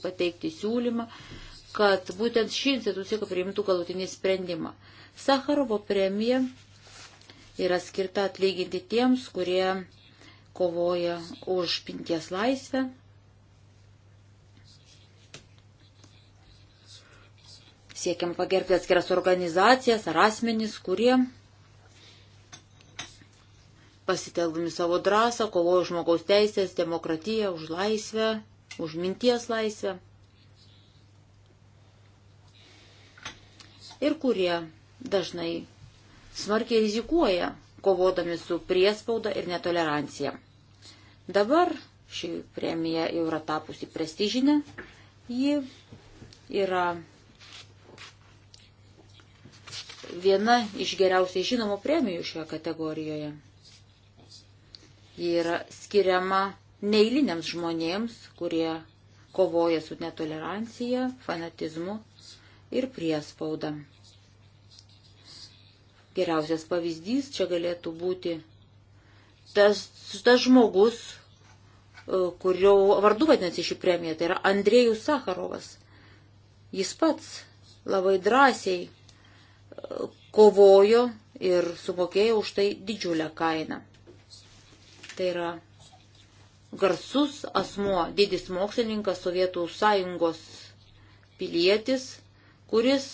pateikti siūlymą, kad būtent ši institucija priimtų galutinį sprendimą. Sakarovo premija yra skirta atlyginti tiems, kurie kovoja už pinties laisvę. Siekiam pagerbti atskiras organizacijas ar asmenys, kurie pasitelkdami savo drąsą kovoja už žmogaus teisės, demokratiją, už laisvę už minties laisvę ir kurie dažnai smarkiai rizikuoja, kovodami su priespauda ir netolerancija. Dabar ši premija jau yra tapusi prestižinė, ji yra viena iš geriausiai žinomų premijų šioje kategorijoje. Ji yra skiriama neįliniams žmonėms, kurie kovoja su netolerancija, fanatizmu ir priespauda. Geriausias pavyzdys čia galėtų būti tas, tas žmogus, e, kurio vardu vadinasi šį premiją, tai yra Andrėjus Sakarovas. Jis pats labai drąsiai e, kovojo ir sumokėjo už tai didžiulę kainą. Tai yra garsus asmuo, didis mokslininkas, Sovietų sąjungos pilietis, kuris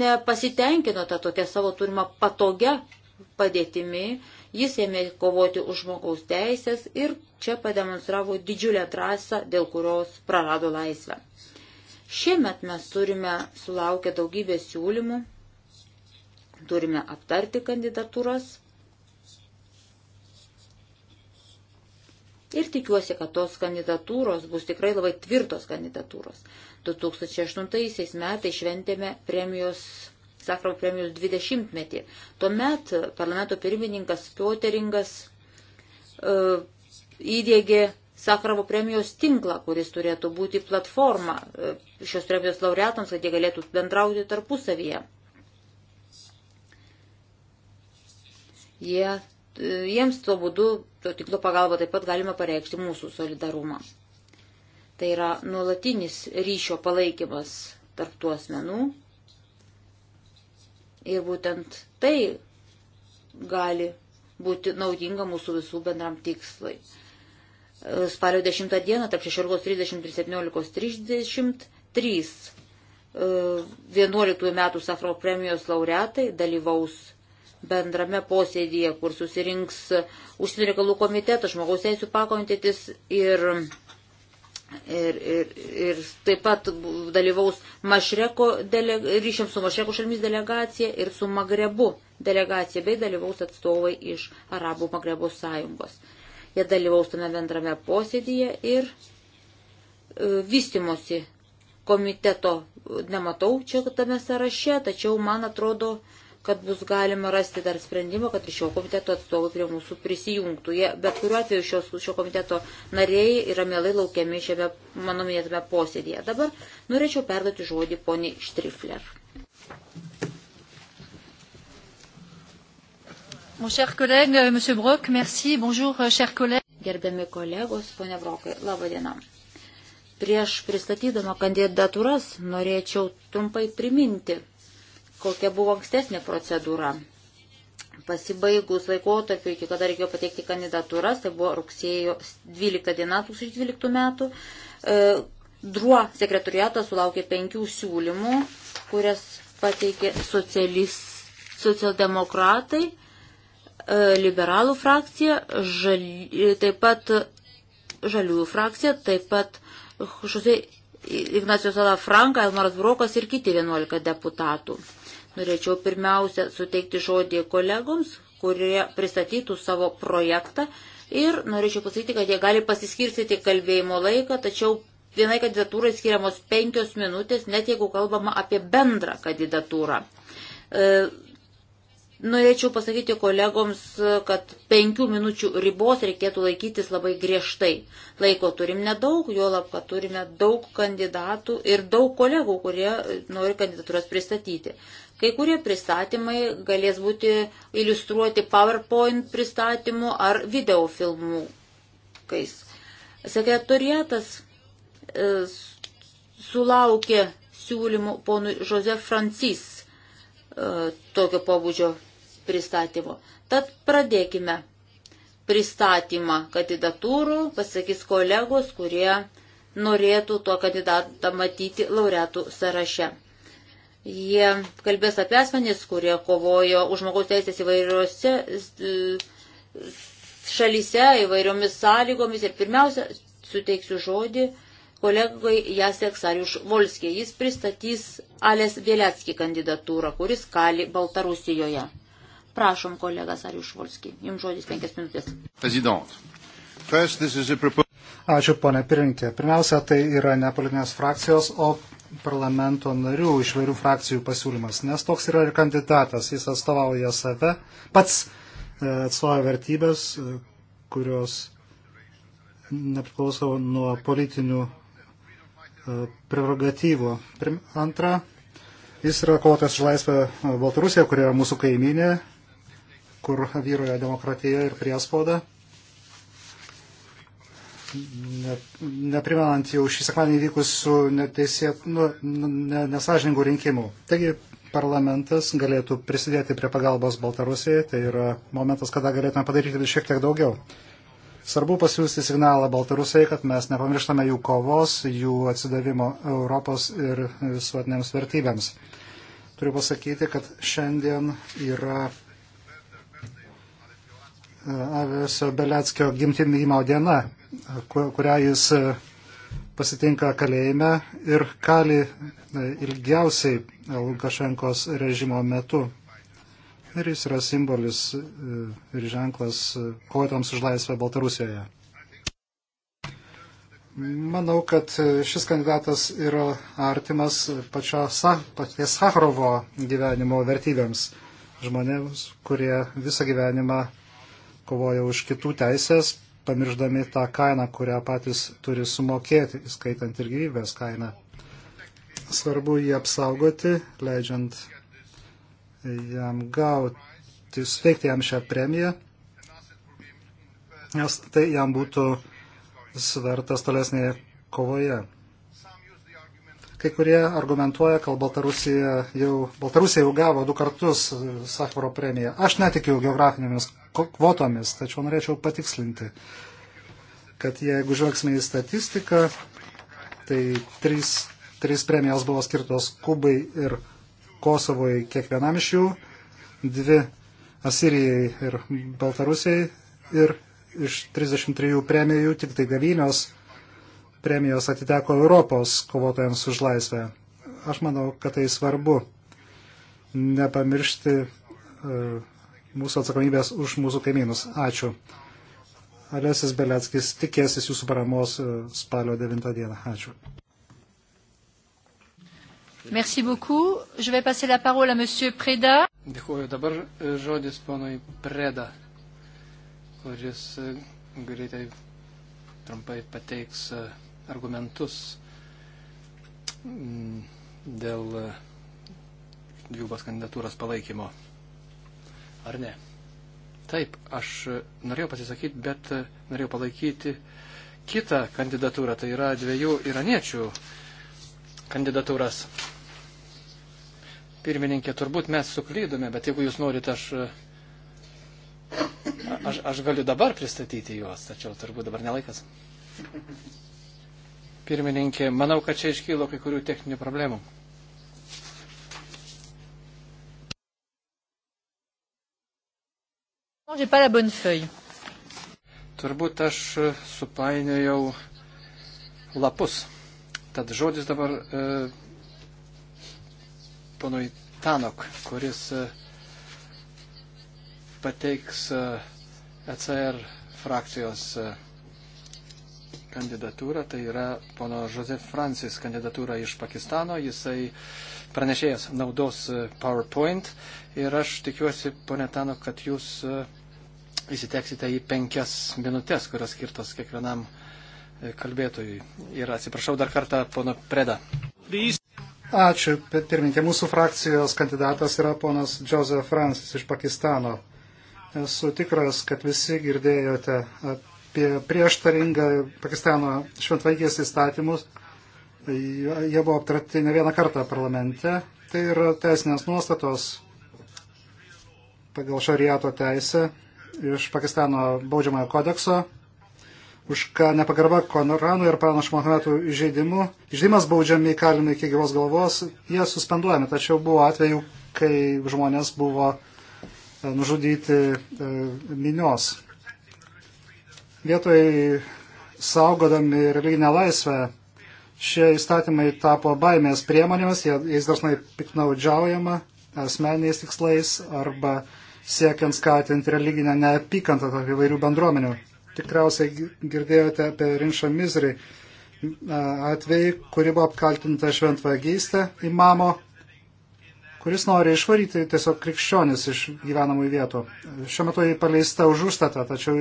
nepasitenkino tą tokią savo turimą patogią padėtimi, jis ėmė kovoti už žmogaus teisės ir čia pademonstravo didžiulę drąsą, dėl kurios prarado laisvę. Šiemet mes turime sulaukę daugybę siūlymų, turime aptarti kandidatūras Ir tikiuosi, kad tos kandidatūros bus tikrai labai tvirtos kandidatūros. 2008 metais šventėme premijos, Sakrau premijos 20 metį. Tuomet parlamento pirmininkas Pioteringas uh, e, įdėgė Sakravo premijos tinklą, kuris turėtų būti platforma e, šios premijos laureatams, kad jie galėtų bendrauti tarpusavyje. Jie jiems tuo būdu, to tinklo pagalba taip pat galime pareikšti mūsų solidarumą. Tai yra nuolatinis ryšio palaikymas tarp tų asmenų. Ir būtent tai gali būti naudinga mūsų visų bendram tikslai. Spalio 10 dieną tarp 16.30 ir 17.33 11 e, metų Safro premijos laureatai dalyvaus bendrame posėdėje, kur susirinks užsienio reikalų komitetas, žmogaus teisų pakomitetis ir, ir, ir, ir taip pat dalyvaus Mašreko dele, ryšiams su Mašreko šalimis delegacija ir su Magrebu delegacija, bei dalyvaus atstovai iš Arabų Magrebo sąjungos. Jie dalyvaus tame bendrame posėdėje ir e, vystimosi komiteto nematau čia tame sąraše, tačiau man atrodo, kad bus galima rasti dar sprendimą, kad ir šio komiteto atstovai prie mūsų prisijungtų. Jie, bet kuriuo atveju šios, šio komiteto nariai yra mielai laukiami šiame mano minėtame posėdėje. Dabar norėčiau perduoti žodį poniai Štrifler. Mon cher collègue, euh, monsieur Brock, merci. Bonjour, euh, cher collègue. Gerbiami kolegos, ponia Brokai, laba diena. Prieš pristatydama kandidatūras norėčiau trumpai priminti kokia buvo ankstesnė procedūra. Pasibaigus laikotarpiu, iki kada reikėjo pateikti kandidatūras, tai buvo rugsėjo 12 diena 2012 metų. E, Druo sekretoriatas sulaukė penkių siūlymų, kurias pateikė socialdemokratai, e, liberalų frakcija, žali, e, taip pat žaliųjų frakcija, taip pat Ignacijos Ala Franka, Elmaras Brokas ir kiti 11 deputatų. Norėčiau pirmiausia suteikti žodį kolegoms, kurie pristatytų savo projektą ir norėčiau pasakyti, kad jie gali pasiskirstyti kalbėjimo laiką, tačiau vienai kandidatūrai skiriamos penkios minutės, net jeigu kalbama apie bendrą kandidatūrą. E, Norėčiau pasakyti kolegoms, kad penkių minučių ribos reikėtų laikytis labai griežtai. Laiko turim nedaug, juolab, kad turime daug kandidatų ir daug kolegų, kurie nori kandidatūras pristatyti. Kai kurie pristatymai galės būti iliustruoti PowerPoint pristatymu ar videofilmų. Kais. Sekretariatas e, sulaukė siūlymų ponui Josef Francis e, tokio pobūdžio pristatymo. Tad pradėkime pristatymą kandidatūrų, pasakys kolegos, kurie norėtų tuo kandidatą matyti laureatų sąraše. Jie kalbės apie asmenys, kurie kovojo už žmogaus teisės įvairiose e, šalyse, įvairiomis sąlygomis. Ir pirmiausia, suteiksiu žodį kolegai Jasek Sariuš Volskė. Jis pristatys Alės Vėliatskį kandidatūrą, kuris kali Baltarusijoje. Prašom, kolegas Arius Volski, jums žodis penkias minutės. Prezident. First, Ačiū, ponė pirinkė. Pirmiausia, tai yra ne politinės frakcijos, o parlamento narių iš vairių frakcijų pasiūlymas, nes toks yra ir kandidatas. Jis atstovauja save, pats e, atstovauja vertybės, e, kurios nepriklauso nuo politinių e, prerogatyvų. Antra, jis yra kovotojas už laisvę Baltarusiją, kuri yra mūsų kaiminė kur vyroja demokratija ir priespauda. Ne, neprimenant jau šį sekmadienį vykusių nu, nu, ne, nesažiningų rinkimų. Taigi parlamentas galėtų prisidėti prie pagalbos Baltarusijai, tai yra momentas, kada galėtume padaryti šiek tiek daugiau. Svarbu pasiūsti signalą Baltarusijai, kad mes nepamirštame jų kovos, jų atsidavimo Europos ir visuotinėms vertybėms. Turiu pasakyti, kad šiandien yra Avesio Beleckio gimtinimo diena, kurią jis e, pasitinka kalėjime ir kali e, ilgiausiai e, Lukašenkos režimo metu. Ir jis yra simbolis ir ženklas kovotams už laisvę Baltarusijoje. Manau, kad šis kandidatas yra artimas pačios Sakrovo gyvenimo vertybėms žmonėms, kurie visą gyvenimą kovoja už kitų teisės, pamirždami tą kainą, kurią patys turi sumokėti, skaitant ir gyvybės kainą. Svarbu jį apsaugoti, leidžiant jam gauti, suteikti jam šią premiją, nes tai jam būtų svertas tolesnėje kovoje. Kai kurie argumentuoja, kad Baltarusija jau, Baltarusija jau gavo du kartus Sakvaro premiją. Aš netikiu geografinėmis kvotomis, tačiau norėčiau patikslinti, kad jeigu žvelgsime į statistiką, tai trys, trys premijos buvo skirtos Kubai ir Kosovoj kiekvienam iš jų, dvi Asirijai ir Baltarusijai ir iš 33 premijų tik tai devynios premijos atiteko Europos kovotojams už laisvę. Aš manau, kad tai svarbu nepamiršti uh, mūsų atsakomybės už mūsų kaimynus. Ačiū. Alesis Beleckis tikėsis jūsų paramos e, spalio 9 dieną. Ačiū. Merci beaucoup. Je vais passer la parole à Monsieur Preda. Dėkuoju. Dabar e, žodis ponui Preda, kuris e, greitai trumpai pateiks argumentus dėl dvigubos kandidatūros palaikymo ar ne? Taip, aš norėjau pasisakyti, bet norėjau palaikyti kitą kandidatūrą, tai yra dviejų iraniečių kandidatūras. Pirmininkė, turbūt mes suklydome, bet jeigu jūs norite, aš, aš, aš galiu dabar pristatyti juos, tačiau turbūt dabar nelaikas. Pirmininkė, manau, kad čia iškylo kai kurių techninių problemų. Turbūt aš supainiojau lapus. Tad žodis dabar e, ponui Tanok, kuris e, pateiks e, ECR frakcijos e, kandidatūrą. Tai yra pono Josef Francis kandidatūra iš Pakistano. Jisai pranešėjas naudos e, PowerPoint. Ir aš tikiuosi, pone Tanok, kad jūs. E, įsiteksite į penkias minutės, kurios skirtos kiekvienam e, kalbėtojui. Ir atsiprašau dar kartą, pono Preda. Ačiū, pirmininkė. Mūsų frakcijos kandidatas yra ponas Joseph Francis iš Pakistano. Esu tikras, kad visi girdėjote apie prieštaringą Pakistano šventvaikės įstatymus. Jie buvo aptarti ne vieną kartą parlamente. Tai yra teisinės nuostatos pagal šariato teisę iš Pakistano baudžiamojo kodekso, už ką nepagarba Konoranų ir pranašo Mohametų įžeidimu. Įžeidimas baudžiami įkalinami iki gyvos galvos, jie suspenduojami, tačiau buvo atvejų, kai žmonės buvo e, nužudyti e, minios. Vietoj saugodami religinę laisvę, šie įstatymai tapo baimės priemonėmis, jais dažnai piknaudžiaujama asmeniais tikslais arba uh, siekiant skatinti religinę neapykantą tarp įvairių bendruomenių. Tikriausiai girdėjote apie Rinšą Mizrį atvejį, kuri buvo apkaltinta šventvagystė imamo, kuris nori išvaryti tiesiog krikščionis iš gyvenamų vietų. Šiuo metu jį paleista už užstatą, tačiau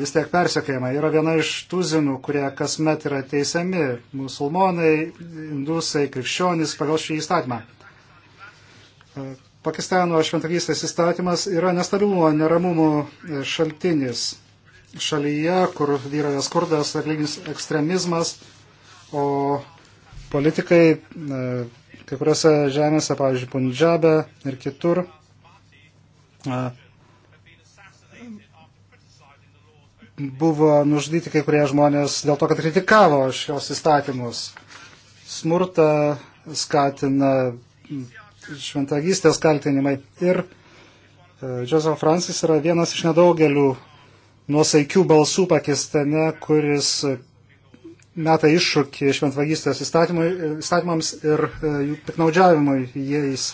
vis tiek persekėjama. Yra viena iš tuzinų, kurie kasmet yra teisiami - musulmonai, indusai, krikščionys pagal šį įstatymą Pakistano šventavystės įstatymas yra nestabilumo, neramumo šaltinis šalyje, kur vyroja skurdas, religinis ekstremizmas, o politikai e, kai kuriuose žemėse, pavyzdžiui, Punjabe ir kitur, e, buvo nužudyti kai kurie žmonės dėl to, kad kritikavo šios įstatymus. Smurta skatina šventagystės kaltinimai. Ir e, Joseph Francis yra vienas iš nedaugelių nuosaikių balsų Pakistane, kuris meta iššūkį šventvagystės e, įstatymams ir e, jų piknaudžiavimui jais.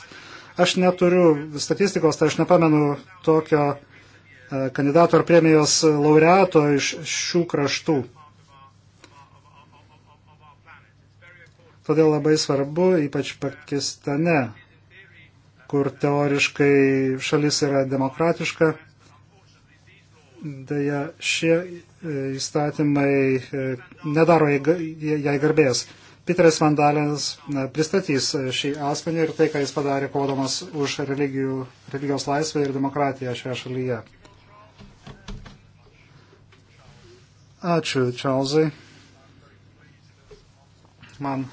Aš neturiu statistikos, tai aš nepamenu tokio kandidato ar premijos laureato iš šių kraštų. Todėl labai svarbu, ypač Pakistane, kur teoriškai šalis yra demokratiška. Deja, šie e, įstatymai e, nedaro jai garbės. Piteris Vandalins pristatys šį asmenį ir tai, ką jis padarė kovodamas už religijų, religijos laisvę ir demokratiją šioje šalyje. Ačiū, Čelzai. Man,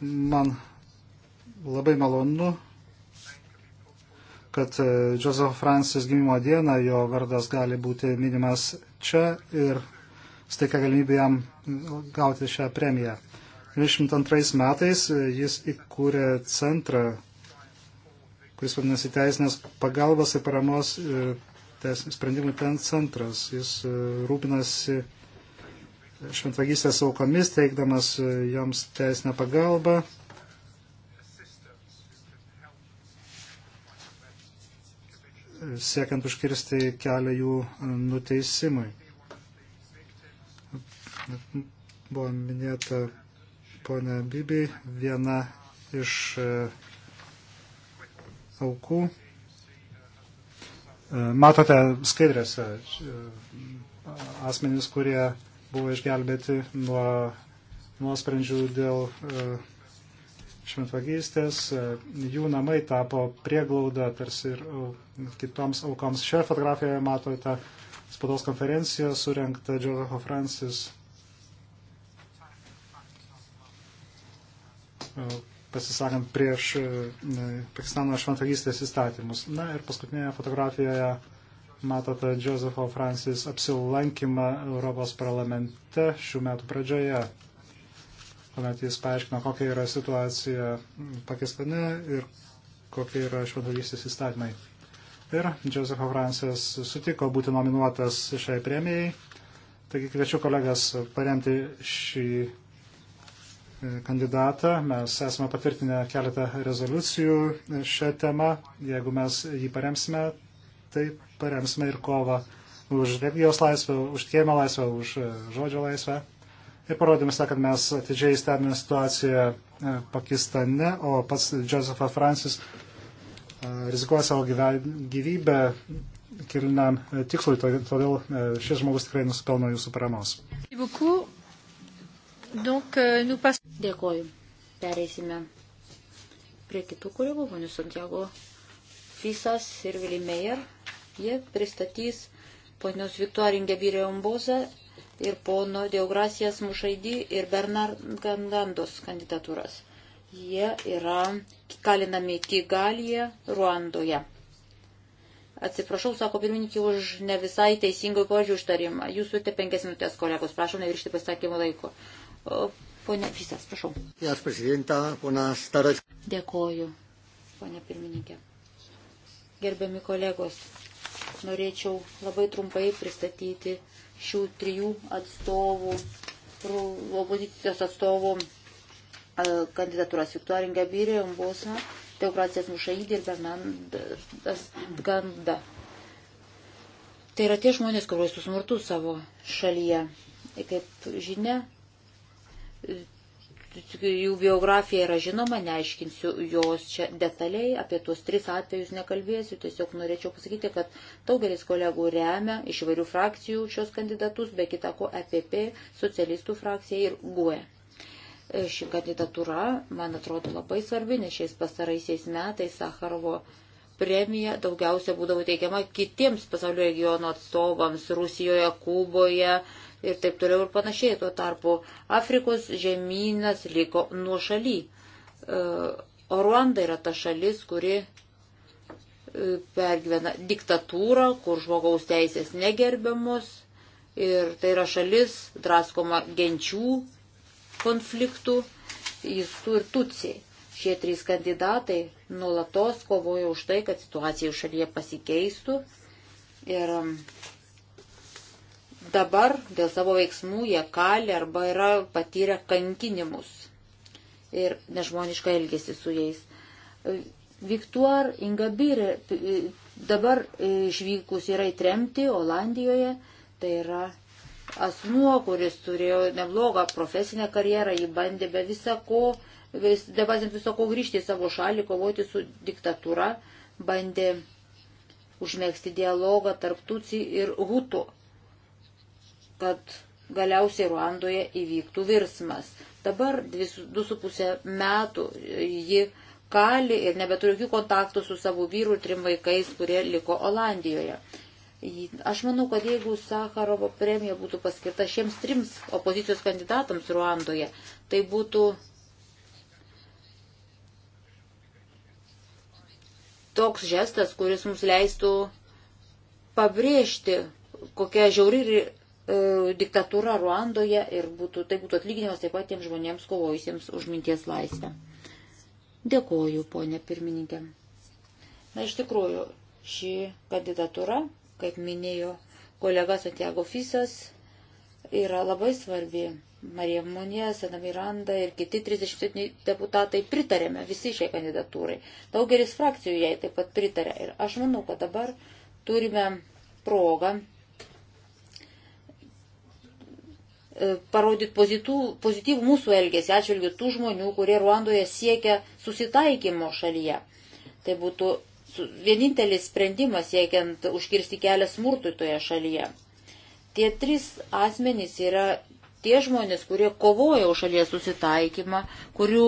man labai malonu kad e, Joseph Francis gimimo dieną jo vardas gali būti minimas čia ir steikia galimybę jam gauti šią premiją. 22 metais e, jis įkūrė centrą, kuris vadinasi Teisinės pagalbos ir paramos e, sprendimų ten centras. Jis rūpinasi šventvagystės aukomis, teikdamas joms teisinę pagalbą siekiant užkirsti kelią jų e, nuteisimui. Buvo minėta ponia Bibi, viena iš e, aukų. E, matote skaidrėse asmenys, kurie buvo išgelbėti nuo nuosprendžių dėl uh, šventvagystės, e, jų namai tapo prieglauda tarsi ir e, kitoms aukoms. Šioje fotografijoje matote spaudos konferenciją surinktą Džozefo Francis e, pasisakant prieš Pakistano šventagystės įstatymus. Na ir paskutinėje fotografijoje matote Džozefo Francis apsilankymą Europos parlamente šių metų pradžioje kuomet jis paaiškino, kokia yra situacija Pakistane ir kokie yra švadovystės įstatymai. Ir Josefo Francis sutiko būti nominuotas šiai premijai. Taigi kviečiu kolegas paremti šį e, kandidatą. Mes esame patvirtinę keletą rezoliucijų šią temą. Jeigu mes jį paremsime, tai paremsime ir kovą už religijos laisvę, už tikėjimo laisvę, už žodžio laisvę ir parodėme tą, kad mes atidžiai stebime situaciją e, Pakistane, o pats Josephas Francis e, rizikuoja savo gyvybę kilniam e, tikslui, todėl šis žmogus tikrai nusipelno jūsų paramos. Euh, Dėkoju. Pereisime prie kitų kolegų, ponių Santiago Fisas ir Vilimejer. Jie pristatys ponios Viktoringe Birė Omboza ir pono Deograsijas Mušaidį ir Bernard Gandandos kandidatūras. Jie yra kalinami Kigalyje, Ruandoje. Atsiprašau, sako pirmininkė, už ne visai teisingą požiūrį užtarimą. Jūs turite penkias minutės, kolegos, prašom neviršti pasakymų laiko. Pone Fisas, prašau. Dėkoju, ponė pirmininkė. Gerbiami kolegos, norėčiau labai trumpai pristatyti šių trijų atstovų, opozicijos atstovų e, kandidatūras Viktorin Gabirė, Umbosa, Teokracijas Mušaidė ir Bernardas Ganda. Tai yra tie žmonės, kurie su smurtu savo šalyje. Kaip žinia, jų biografija yra žinoma, neaiškinsiu jos čia detaliai, apie tuos tris atvejus nekalbėsiu, tiesiog norėčiau pasakyti, kad daugelis kolegų remia iš įvairių frakcijų šios kandidatus, be kitako EPP, socialistų frakcija ir GUE. Ši kandidatūra, man atrodo, labai svarbi, nes šiais pastaraisiais metais Sakarovo premija daugiausia būdavo teikiama kitiems pasaulio regiono atstovams Rusijoje, Kuboje ir taip toliau ir panašiai. Tuo tarpu Afrikos žemynas liko nuo šaly. E, o Ruanda yra ta šalis, kuri e, pergyvena diktatūrą, kur žmogaus teisės negerbiamos ir tai yra šalis draskoma genčių konfliktų, jis ir tuciai. Šie trys kandidatai nulatos kovojo už tai, kad situacija jų šalyje pasikeistų. Ir um, dabar dėl savo veiksmų jie kali arba yra patyrę kankinimus ir nežmonišką elgesį su jais. Viktuar Ingabirė dabar išvykus yra įtremti Olandijoje, tai yra asmuo, kuris turėjo neblogą profesinę karjerą, jį bandė be visako ko Debazėms visako grįžti į savo šalį, kovoti su diktatūra, bandė užmėgsti dialogą tarp Tutsi ir Hutu, kad galiausiai Ruandoje įvyktų virsmas. Dabar 2,5 metų ji kali ir nebeturi jokių kontaktų su savo vyru ir trim vaikais, kurie liko Olandijoje. Aš manau, kad jeigu Sakarovo premija būtų paskirta šiems trims opozicijos kandidatams Ruandoje, tai būtų toks žestas, kuris mums leistų pabrėžti, kokia žiauri e, diktatūra Ruandoje ir būtų, tai būtų atlyginimas taip pat tiems žmonėms kovojusiems už minties laisvę. Dėkoju, ponė pirmininkė. Na, iš tikrųjų, ši kandidatūra, kaip minėjo kolega Santiago Fisas, yra labai svarbi Marija Monė, Sena Miranda ir kiti 37 deputatai pritarėme visi šiai kandidatūrai. Daugelis frakcijų jai taip pat pritarė. Ir aš manau, kad dabar turime progą e, parodyti pozityvų mūsų elgesį atžvilgių tų žmonių, kurie Ruandoje siekia susitaikymo šalyje. Tai būtų vienintelis sprendimas siekiant užkirsti kelią smurtui toje šalyje. Tie trys asmenys yra tie žmonės, kurie kovoja už šalies susitaikymą, kurių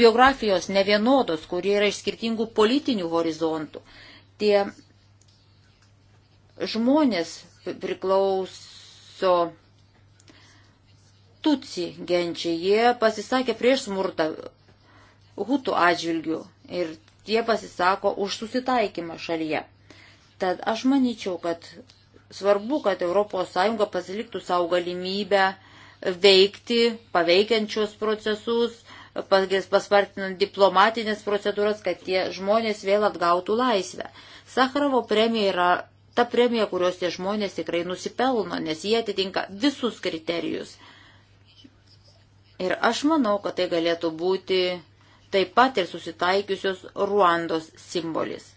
biografijos nevienodos, kurie yra iš skirtingų politinių horizontų. Tie žmonės priklauso tutsi genčiai, jie pasisakė prieš smurtą hutų atžvilgių ir jie pasisako už susitaikymą šalyje. Tad aš manyčiau, kad svarbu, kad ES pasiliktų savo galimybę uh, veikti paveikiančios procesus, paspartinant diplomatinės procedūras, kad tie žmonės vėl atgautų laisvę. Sakarovo premija yra ta premija, kurios tie žmonės tikrai nusipelno, nes jie atitinka visus kriterijus. Ir aš manau, kad tai galėtų būti taip pat ir susitaikiusios Ruandos simbolis.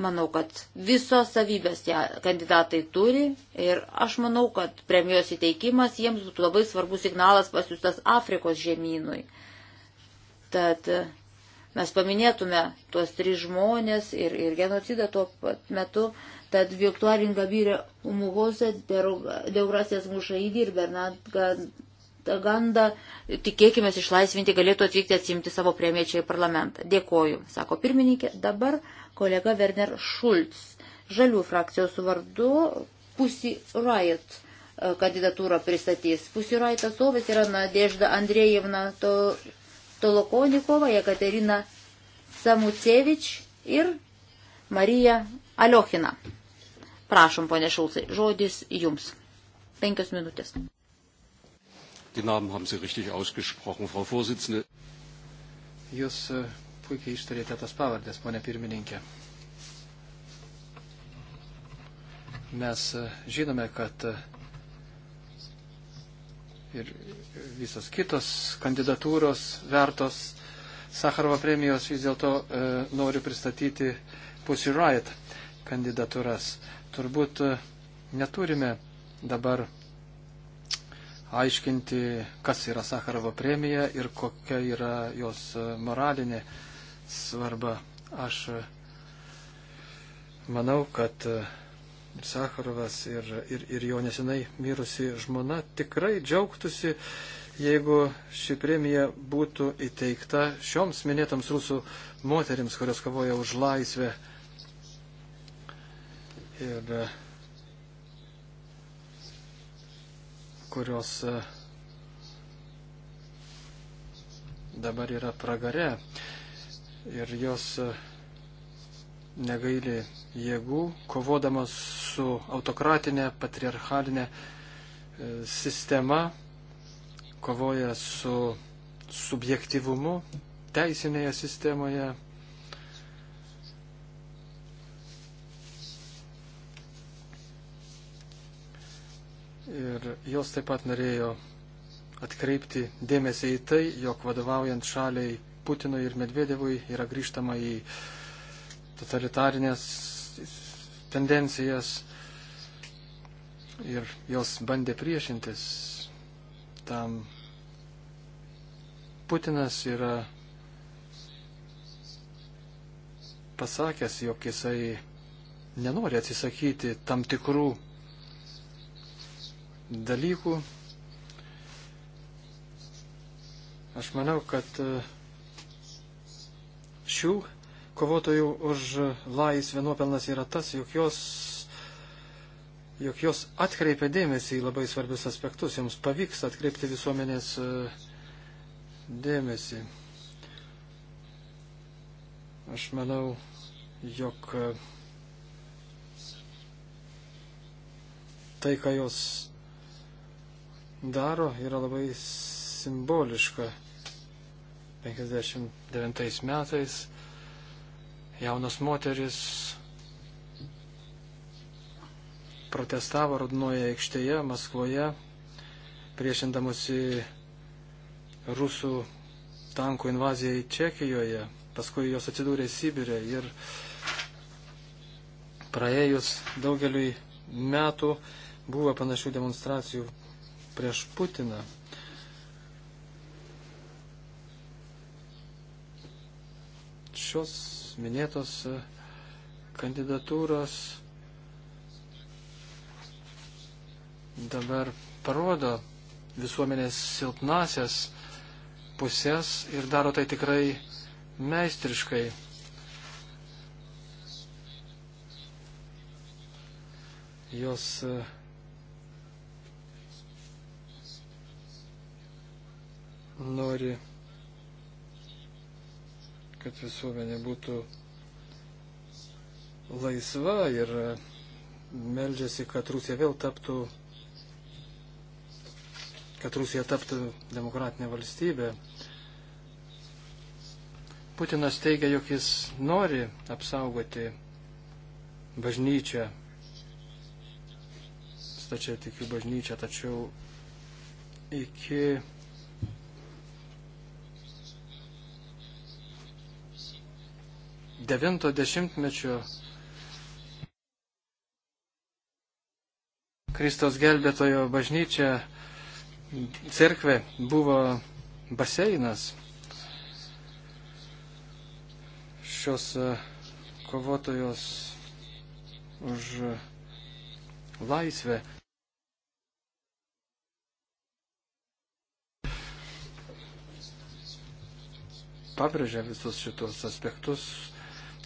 Manau, kad visos savybės tie kandidatai turi ir aš manau, kad premijos įteikimas jiems būtų labai svarbus signalas pasiūstas Afrikos žemynui. Tad e, mes paminėtume tuos tris žmonės ir, ir genocidą tuo pat metu, tad Viktorija Ingabirė Umuhose, Deurasės Mušaidį ir Bernard Ganda, tikėkime, išlaisvinti galėtų atvykti atsimti savo premiją čia į parlamentą. Dėkoju, sako pirmininkė. Dabar kolega Werner Schulz. Žalių frakcijos vardu Pussy Riot e, kandidatūrą pristatys. Pussy Riot atstovės yra Nadežda Andrejevna to, Tolokonikova, Jekaterina Samucevič ir Marija Aliochina. Prašom, ponė Šulcai, žodis jums. Penkios minutės. Die Namen haben Sie richtig ausgesprochen, Frau Vorsitzende. Jūs e, puikiai ištarėte tas pavardės, ponė pirmininkė. Mes e, žinome, kad e, ir visos kitos kandidatūros vertos Sakarovo premijos vis dėlto e, noriu pristatyti Pussy Riot kandidatūras. Turbūt e, neturime dabar aiškinti, kas yra Sakarovo premija ir kokia yra jos moralinė svarbą. Aš e, manau, kad ir e, Sakarovas, ir, ir, ir jo nesenai mirusi žmona tikrai džiaugtųsi, jeigu ši premija būtų įteikta šioms minėtams rusų moteriams, kurios kovoja už laisvę. Ir e, kurios dabar yra pragare ir jos e, negaili jėgų, kovodamas su autokratinė, patriarchalinė e, sistema, kovoja su subjektivumu teisinėje sistemoje. Ir jos taip pat norėjo atkreipti dėmesį į tai, jog vadovaujant šaliai Putinui ir Medvedevui yra grįžtama į totalitarinės tendencijas ir jos bandė priešintis tam. Putinas yra pasakęs, jog jisai nenori atsisakyti tam tikrų dalykų. Aš manau, kad uh, šių kovotojų už laisvę nuopelnas yra tas, jog jos, jog jos atkreipia dėmesį į labai svarbius aspektus, joms pavyks atkreipti visuomenės e, dėmesį. Aš manau, jog e, tai, ką jos daro, yra labai simboliška. 59 metais jaunos moteris protestavo Rudnoje aikštėje Maskvoje, priešindamosi rusų tankų invazijai Čekijoje, paskui jos atsidūrė Sibirė ir praėjus daugeliui metų buvo panašių demonstracijų prieš Putiną. šios minėtos e, kandidatūros dabar parodo visuomenės silpnasias pusės ir daro tai tikrai meistriškai. Jos e, nori kad visuomenė būtų laisva ir e, meldžiasi, kad Rusija vėl taptų, kad Rusija taptų demokratinė valstybė. Putinas teigia, jog jis nori apsaugoti bažnyčią, stačiai tikiu bažnyčią, tačiau iki 90-mečio Kristos gelbėtojo bažnyčia cerkvė buvo baseinas šios e, kovotojos už laisvę. Pabrėžia visus šitos aspektus,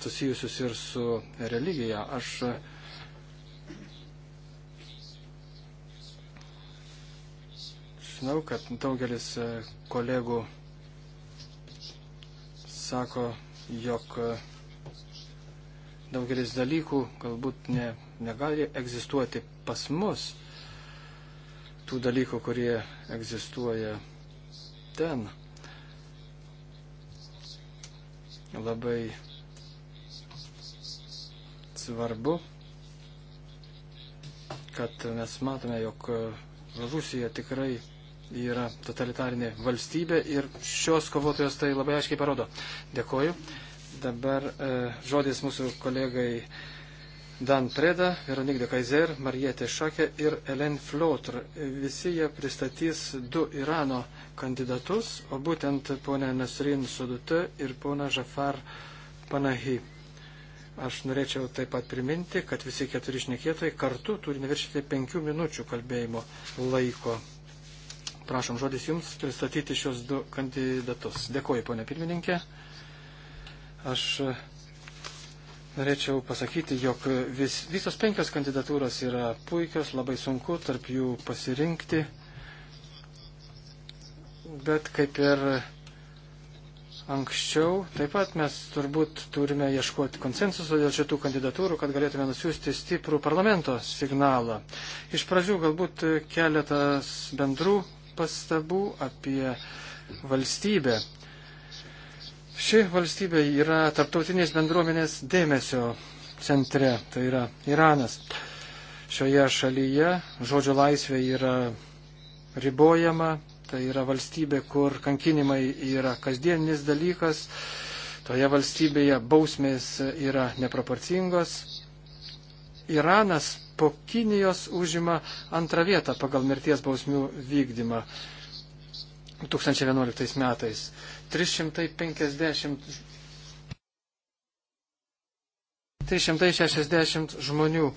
susijusius ir su religija. Aš žinau, kad daugelis kolegų sako, jog daugelis dalykų galbūt ne, negali egzistuoti pas mus, tų dalykų, kurie egzistuoja ten. Labai svarbu, kad mes matome, jog Rusija tikrai yra totalitarinė valstybė ir šios kovotojos tai labai aiškiai parodo. Dėkoju. Dabar e, žodis mūsų kolegai Dan Preda, Veronik de Kaiser, Marietė Šakė ir Elen Flotr. Visi jie pristatys du Irano kandidatus, o būtent ponę Nasrin Sudutė ir poną Žafar Panahi. Aš norėčiau taip pat priminti, kad visi keturi šnekėtojai kartu turi neviršyti penkių minučių kalbėjimo laiko. Prašom žodis Jums pristatyti šios du kandidatus. Dėkuoju, ponė pirmininkė. Aš norėčiau pasakyti, jog vis, visos penkios kandidatūros yra puikios, labai sunku tarp jų pasirinkti. Bet kaip ir anksčiau. Taip pat mes turbūt turime ieškoti konsensuso dėl šitų kandidatūrų, kad galėtume nusiųsti stiprų parlamento signalą. Iš pradžių galbūt keletas bendrų pastabų apie valstybę. Ši valstybė yra tarptautinės bendruomenės dėmesio centre, tai yra Iranas. Šioje šalyje žodžio laisvė yra ribojama, Tai yra valstybė, kur kankinimai yra kasdieninis dalykas, toje valstybėje bausmės yra neproporcingos. Iranas po Kinijos užima antrą vietą pagal mirties bausmių vykdymą 2011 metais. 350 360 žmonių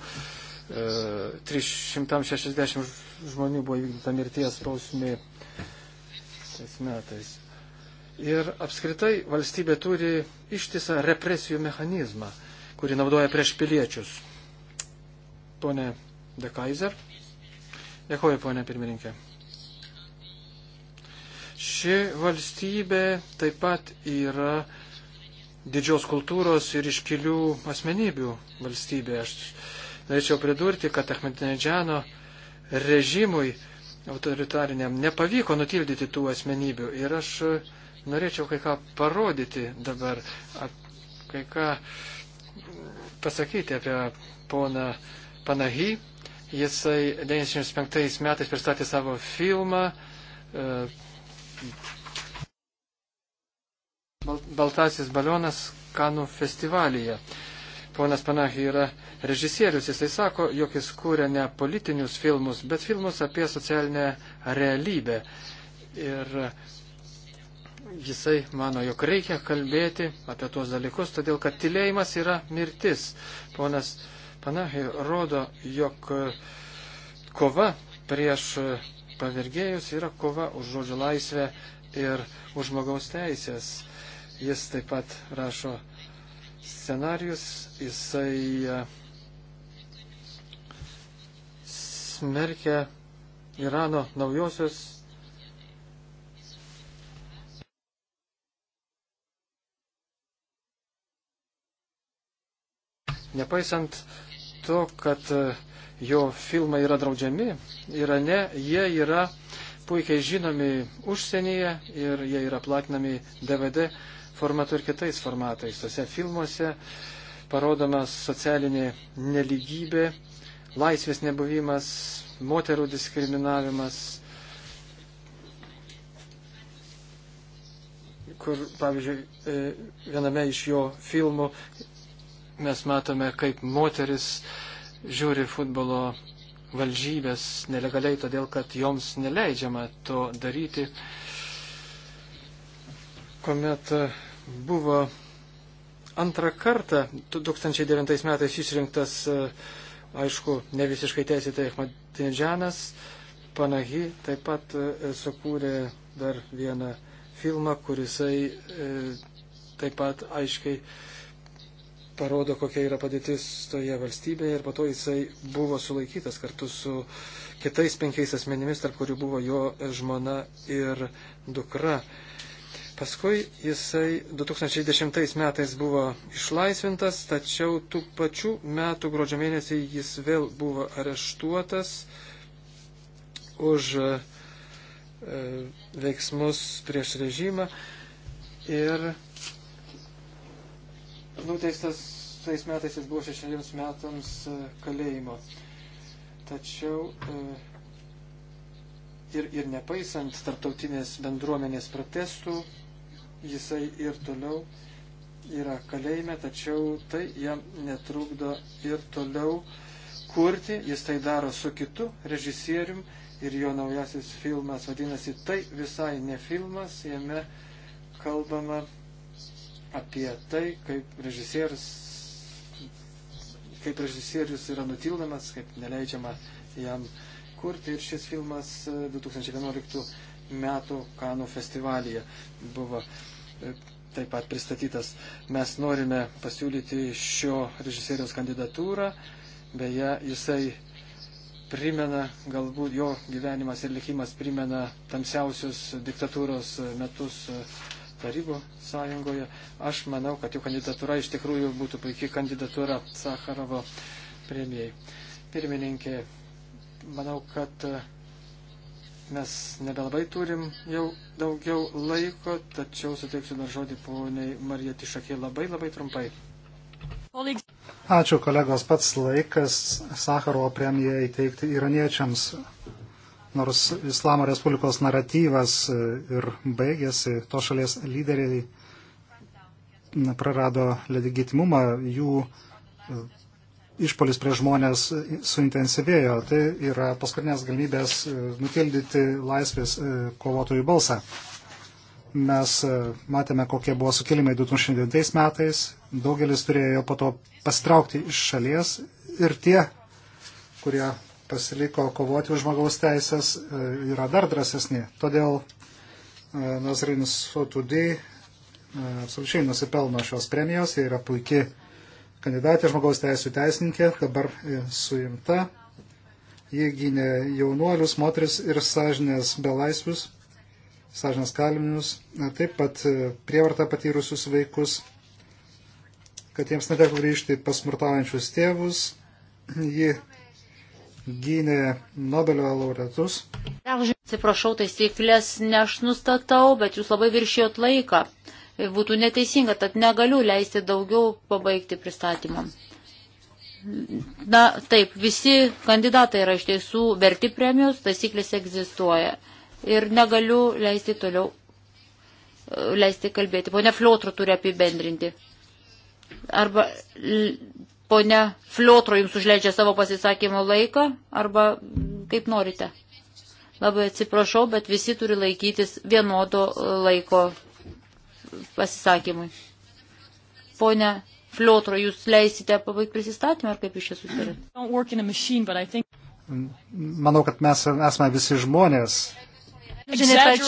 360 e, žmonių buvo įvykdyta mirties bausmė tais metais. Ir apskritai valstybė turi ištisą represijų mechanizmą, kurį naudoja prieš piliečius. Pone De Kaiser. Dėkuoju, ponė pirmininkė. Ši valstybė taip pat yra didžios kultūros ir iškilių asmenybių valstybė. Aš Norėčiau pridurti, kad Ahmedinedžiano režimui autoritariniam nepavyko nutildyti tų asmenybių. Ir aš norėčiau kai ką parodyti dabar, kai ką pasakyti apie poną Panahy. Jisai 95 metais pristatė savo filmą e, Baltasis balionas Kanų festivalyje ponas Panahi yra režisierius, jisai sako, jog jis kūrė ne politinius filmus, bet filmus apie socialinę realybę. Ir jisai mano, jog reikia kalbėti apie tuos dalykus, todėl kad tylėjimas yra mirtis. Ponas Panahi rodo, jog kova prieš pavergėjus yra kova už žodžio laisvę ir už žmogaus teisės. Jis taip pat rašo scenarius, jisai e, smerkia Irano naujosios Nepaisant to, kad e, jo filmai yra draudžiami, Irane jie yra puikiai žinomi užsienyje ir jie yra platinami DVD formatu ir kitais formatais. Tose filmuose parodoma socialinė neligybė, laisvės nebuvimas, moterų diskriminavimas, kur, pavyzdžiui, e, viename iš jo filmų mes matome, kaip moteris žiūri futbolo valžybės nelegaliai, todėl kad joms neleidžiama to daryti. Komet buvo antrą kartą 2009 metais išrinktas, e, aišku, ne visiškai teisėtai Ahmadinidžanas. Panahi taip pat e, sukūrė dar vieną filmą, kurisai e, taip pat aiškiai parodo, kokia yra padėtis toje valstybėje ir po to jisai buvo sulaikytas kartu su kitais penkiais asmenimis, tarp kurių buvo jo žmona ir dukra. E, Paskui jisai 2010 metais buvo išlaisvintas, tačiau tų pačių metų gruodžio mėnesį jis vėl buvo areštuotas už e, veiksmus prieš režimą ir nuteistas tais metais jis buvo šešeriems metams e, kalėjimo. Tačiau e, ir, ir nepaisant tarptautinės bendruomenės protestų, jisai ir toliau yra kalėjime, tačiau tai jam netrukdo ir toliau kurti, jis tai daro su kitu režisierium ir jo naujasis filmas vadinasi Tai visai ne filmas, jame kalbama apie tai, kaip režisierius, kaip režisierius yra nutildamas, kaip neleidžiama jam kurti ir šis filmas 2011 e, metų Kanų festivalyje buvo taip pat pristatytas. Mes norime pasiūlyti šio režisieriaus kandidatūrą, beje, jisai primena, galbūt jo gyvenimas ir likimas primena tamsiausius diktatūros metus Tarybų sąjungoje. Aš manau, kad jų kandidatūra iš tikrųjų būtų puikiai kandidatūra Sakarovo premijai. Pirmininkė, manau, kad uh, Mes nebelabai turim jau daugiau laiko, tačiau suteiksiu dar žodį poniai Marijai Tišakiai labai labai trumpai. Ačiū kolegos, pats laikas Sakarovo premiją įteikti iraniečiams, nors Islamo Respublikos naratyvas e, ir baigėsi, to šalies lyderiai prarado legitimumą, jų e, išpolis prie žmonės suintensyvėjo. Tai yra paskutinės galimybės e, nutildyti laisvės e, kovotojų balsą. Mes e, matėme, kokie buvo sukilimai 2009 metais. Daugelis turėjo po to pastraukti iš šalies ir tie, kurie pasiliko kovoti už žmogaus teisės, yra dar drąsesni. Todėl Nazrin Sotudai absoliučiai nusipelno šios premijos, jie yra puikiai kandidatė žmogaus teisų teisininkė, dabar e, suimta. Ji gynė jaunuolius, moteris ir sąžinės belaisvius, sąžinės kalinius, taip pat e, prievartą patyrusius vaikus, kad jiems neteko grįžti pas smurtaujančius tėvus. Ji gynė Nobelio laureatus. Atsiprašau, taisyklės ne aš nustatau, bet jūs labai viršėjot laiką būtų neteisinga, tad negaliu leisti daugiau pabaigti pristatymą. Na, taip, visi kandidatai yra iš tiesų verti premijos, taisyklės egzistuoja. Ir negaliu leisti toliau e, leisti kalbėti. Pone Fliotro turi apibendrinti. Arba pone Fliotro jums užleidžia savo pasisakymo laiką, arba kaip norite. Labai atsiprašau, bet visi turi laikytis vienodo e, laiko pasisakymui. Pone Fliotro, jūs leisite pabaigti prisistatymą, ar kaip jūs čia susitarėte? Manau, kad mes esame visi žmonės. Soit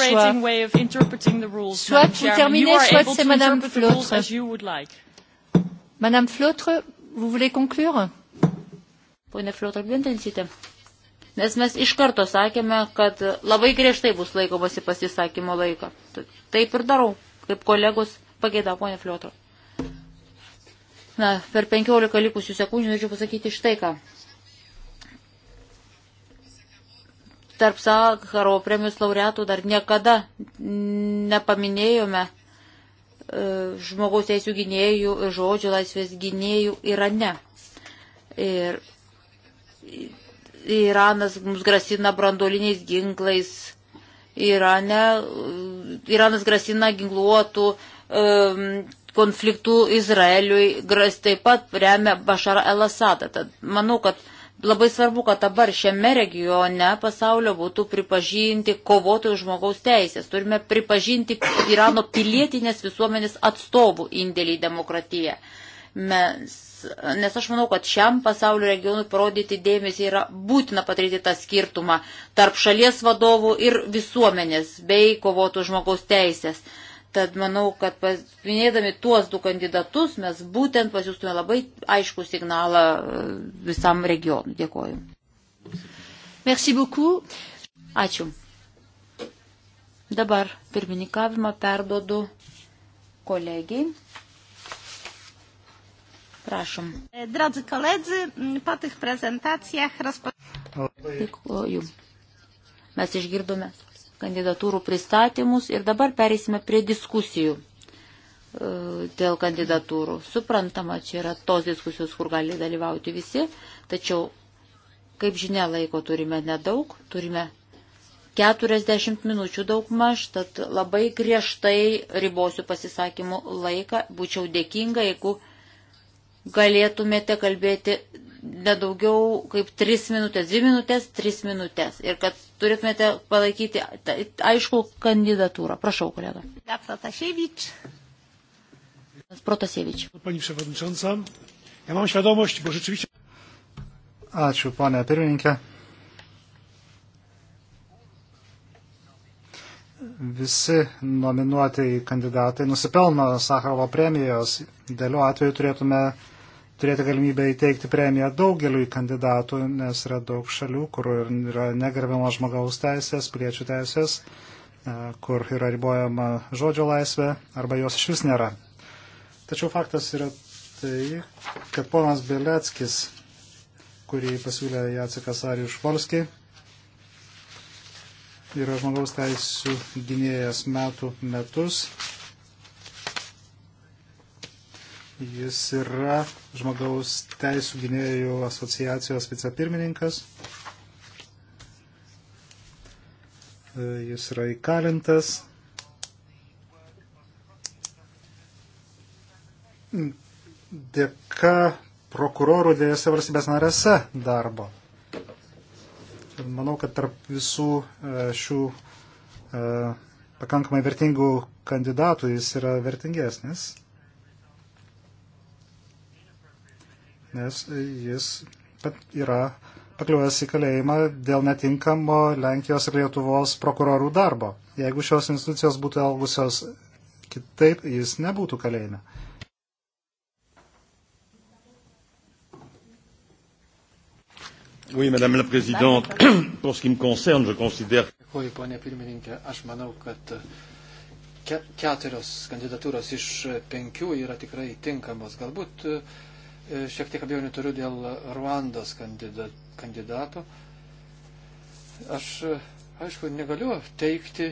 vous terminez, soit c'est Madame Flotre. Madame Flotre, vous voulez conclure Pone Flotre, gvintinsite. Nes mes iš karto sakėme, kad labai griežtai bus laikomasi pasisakymo laiko. Taip ir darau kaip kolegos pagėda, ponė Fliotro. Na, per 15 likusių sekundžių norėčiau pasakyti štai ką. Tarp Sakaro premijos laureatų dar niekada nepaminėjome e, žmogaus teisų gynėjų ir žodžio laisvės gynėjų Irane. Ir Iranas mums grasina brandoliniais ginklais, Irane, Iranas grasina ginkluotų um, konfliktų Izraeliui, gras taip pat remia Bašarą Elasadą. Tad manau, kad labai svarbu, kad dabar šiame regione pasaulio būtų pripažinti kovotojų žmogaus teisės. Turime pripažinti Irano pilietinės visuomenės atstovų indėlį į demokratiją. Uh, Mes, nes aš manau, kad šiam pasaulio regionui parodyti dėmesį yra būtina padaryti tą skirtumą tarp šalies vadovų ir visuomenės bei kovotų žmogaus teisės. Tad manau, kad minėdami tuos du kandidatus mes būtent pasiūstume labai aišku signalą e, visam regionui. Dėkoju. Merci beaucoup. Ačiū. Dabar pirmininkavimą perdodu kolegijai. Prašom. Drodzy koledzy, po tych prezentacijach Dėkuoju. Mes išgirdome kandidatūrų pristatymus ir dabar pereisime prie diskusijų e, dėl kandidatūrų. Suprantama, čia yra tos diskusijos, kur gali dalyvauti visi, tačiau, kaip žinia, laiko turime nedaug, turime 40 minučių daugmaž, tad labai griežtai ribosiu pasisakymų laiką, būčiau dėkinga, jeigu galėtumėte kalbėti nedaugiau kaip 3 minutės, 2 minutės, 3 minutės. Ir kad turėtumėte palaikyti aišku kandidatūrą. Prašau, kolega. Protasievič. Protasievič. Pani przewodnicząca, ja mam świadomość, bo rzeczywiście. Ačiū, ponia pirmininkė. visi nominuotieji kandidatai nusipelno Sakarovo premijos. Dėliu atveju turėtume turėti galimybę įteikti premiją daugeliui kandidatų, nes yra daug šalių, kur yra negerbiamas žmogaus teisės, piliečių teisės, e, kur yra ribojama žodžio laisvė arba jos iš vis nėra. Tačiau faktas yra tai, kad ponas Bieleckis, kurį pasiūlė Jacekas Arijus Volski, yra žmogaus teisų gynėjas metų metus. Jis yra žmogaus teisų gynėjų asociacijos vicepirmininkas. E, jis yra įkalintas. Dėka prokurorų dviejose valstybės narėse darbo manau, kad tarp visų e, šių e, pakankamai vertingų kandidatų jis yra vertingesnis, nes jis yra pakliuvęs į kalėjimą dėl netinkamo Lenkijos ir Lietuvos prokurorų darbo. Jeigu šios institucijos būtų elgusios kitaip, jis nebūtų kalėjime. Oui, Madame la Présidente, pour ce qui me concerne, je considère. Dėkuoju, ponė pirmininkė. Aš manau, kad ke keturios kandidatūros iš penkių yra tikrai tinkamos. Galbūt e, šiek tiek abejonių turiu dėl Ruandos kandida kandidato. Aš, aišku, negaliu teikti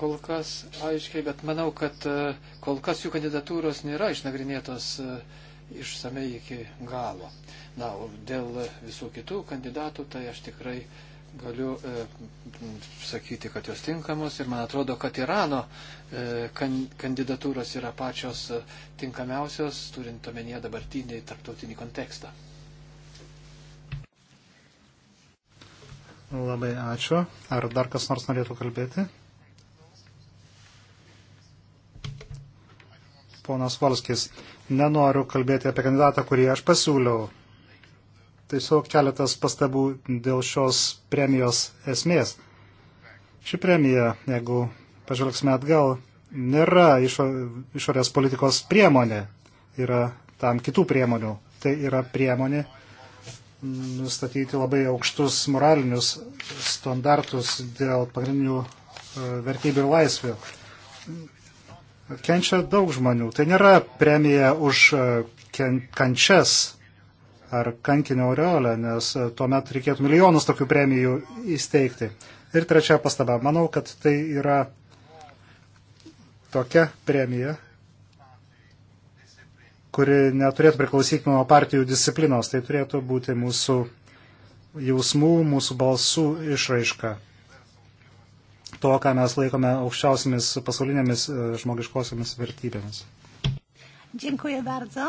kol kas aiškiai, bet manau, kad e, kol kas jų kandidatūros nėra išnagrinėtos. Uh, išsamei iki galo. Na, o dėl visų kitų kandidatų, tai aš tikrai galiu e, sakyti, kad jos tinkamos ir man atrodo, kad Irano e, kan, kandidatūros yra pačios e, tinkamiausios, turint omenyje dabartinį tarptautinį kontekstą. Labai ačiū. Ar dar kas nors norėtų kalbėti? ponas Volskis. Nenoriu kalbėti apie kandidatą, kurį aš pasiūliau. Tiesiog keletas pastabų dėl šios premijos esmės. Ši premija, jeigu pažvelgsime atgal, nėra išo, išorės politikos priemonė, yra tam kitų priemonių. Tai yra priemonė nustatyti labai aukštus moralinius standartus dėl pagrindinių e, vertybių ir laisvių kenčia daug žmonių. Tai nėra premija už e, kančias ar kankinio aureolę, nes e, tuomet reikėtų milijonus tokių premijų įsteigti. Ir trečia pastaba. Manau, kad tai yra tokia premija, kuri neturėtų priklausyti nuo partijų disciplinos. Tai turėtų būti mūsų jausmų, mūsų balsų išraiška to, ką mes laikome aukščiausiamis pasaulinėmis e, žmogiškosiamis vertybėmis. Dziękuję bardzo.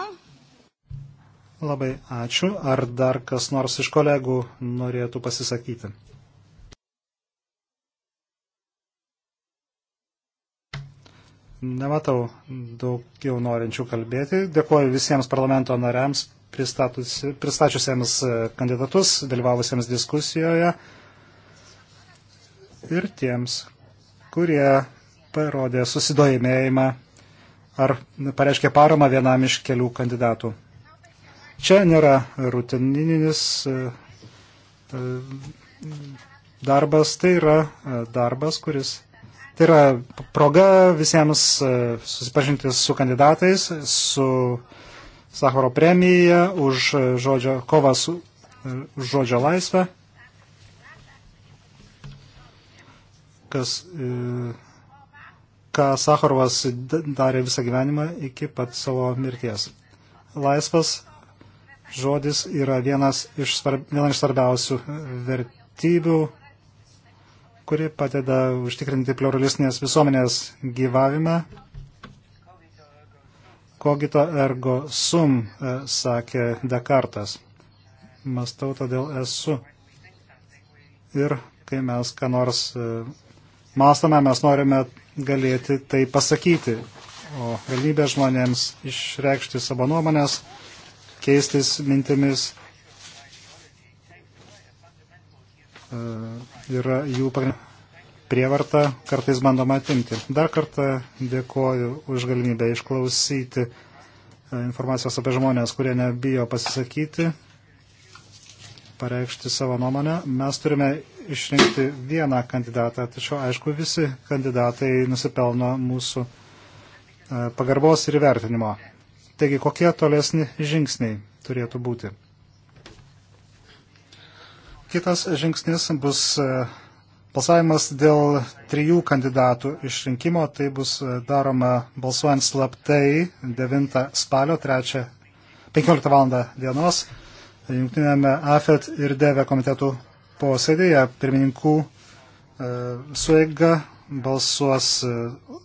Labai ačiū. Ar dar kas nors iš kolegų norėtų pasisakyti? Nematau daugiau norinčių kalbėti. Dėkuoju visiems parlamento nariams pristačiusiems e, kandidatus, dalyvavusiems diskusijoje ir tiems, kurie parodė susidomėjimą ar pareiškė paramą vienam iš kelių kandidatų. Čia nėra rutininis e, e, darbas, tai yra e, darbas, kuris. Tai yra proga visiems susipažinti su kandidatais, su Sakaro premija už žodžio, kovą su žodžio laisvę. kas, e, ką Sakharovas darė visą gyvenimą iki pat savo mirties. Laisvas žodis yra vienas iš, svarb, viena iš svarbiausių vertybių, kuri padeda užtikrinti pluralistinės visuomenės gyvavimą. Kogito ergo sum, e, sakė Dekartas. Mastau, todėl esu. Ir kai mes ką nors e, mastome, mes norime galėti tai pasakyti. O galimybė žmonėms išreikšti savo nuomonės, keistis mintimis e, yra jų prievarta kartais bandoma atimti. Dar kartą dėkoju už galimybę išklausyti e, informacijos apie žmonės, kurie nebijo pasisakyti pareikšti savo nuomonę. Mes turime išrinkti vieną kandidatą, tačiau aišku, visi kandidatai nusipelno mūsų e, pagarbos ir įvertinimo. Taigi, kokie tolesni žingsniai turėtų būti? Kitas žingsnis bus e, balsavimas dėl trijų kandidatų išrinkimo. Tai bus e, daroma balsuojant slaptai 9 spalio 3, 15 val. dienos jungtinėme AFET ir DEVE komitetų posėdėje. Pirmininkų e, sueiga balsuos e,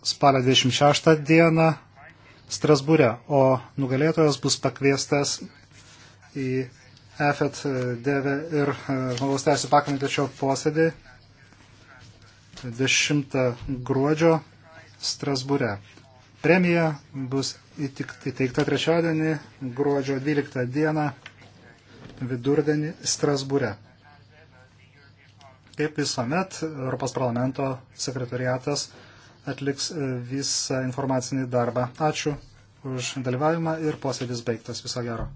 spalio 26 dieną Strasbūre, o nugalėtojas bus pakviestas į EFET e, DEVE ir žmogaus teisų pakomitečio posėdį 10 gruodžio Strasbūre. Premija bus įteikta trečiadienį, gruodžio 12 dieną vidurdienį Strasbūre. Kaip visuomet, Europos parlamento sekretariatas atliks e, visą informacinį darbą. Ačiū už dalyvavimą ir posėdis baigtas. Viso gero.